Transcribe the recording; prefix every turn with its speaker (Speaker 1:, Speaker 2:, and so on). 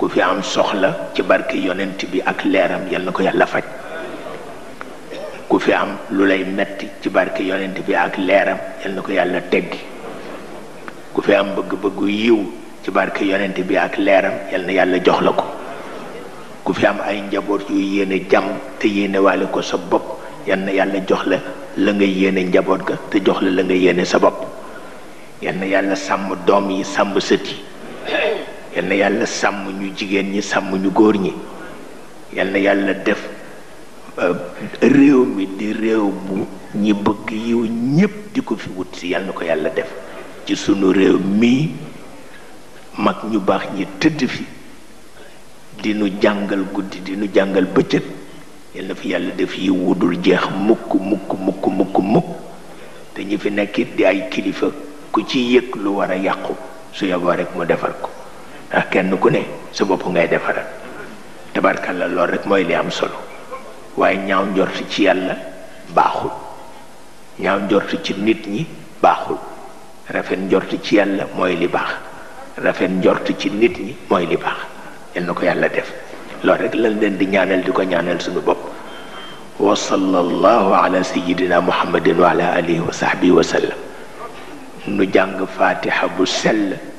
Speaker 1: ku fi am soxla ci barke yonent bi ak leeram yal na ko yàlla faj ku fi am lu lay metti ci barke yonent bi ak leeram yal na ko yàlla teggi ku fi am bëgg-bëggu yiw ci barke yonent bi ak leeram yal yàlla jox la ko ku fi am ay njaboot yu yéene jàmm te yéene waale ko sa bopp yal na yàlla jox la la nga yéene njaboot ga te jox la la nga yéene sa bopp yal na yàlla sàmm doom yi sàmm sët yi yal na yàlla sàmm ñu jigéen ñi sàmm ñu góor ñi yal na yàlla def euh, réew mi di réew bu ñi bëgg yiw ñépp di ko fi wut si yal na ko yàlla def ci sunu réew mii mag ñu baax ñi tëdd fi di nu jàngal guddi di jàngal bëccëg yal na fi yàlla def wu dul jeex mukk mukk mukk mukk te ñi fi nekk di ay kilifa ku ci yëg lu war a yàqu su yaboo rek mu defar ko kenn ku ne su bopp ngay defaral la lool rek mooy li am solo waaye ñaaw njort ci yàlla baaxul ñaaw njort ci nit ñi baaxul rafet njort ci yàlla mooy li baax rafet njort ci nit ñi mooy li baax yal na ko yàlla def loolu rek lañ leen di ñaanal di ko ñaanal suñu bopp wa sallallahu ala sayyidina muhammadin wa ala alihi wa sahbihi wa sallam nu jàng fatiha bu sell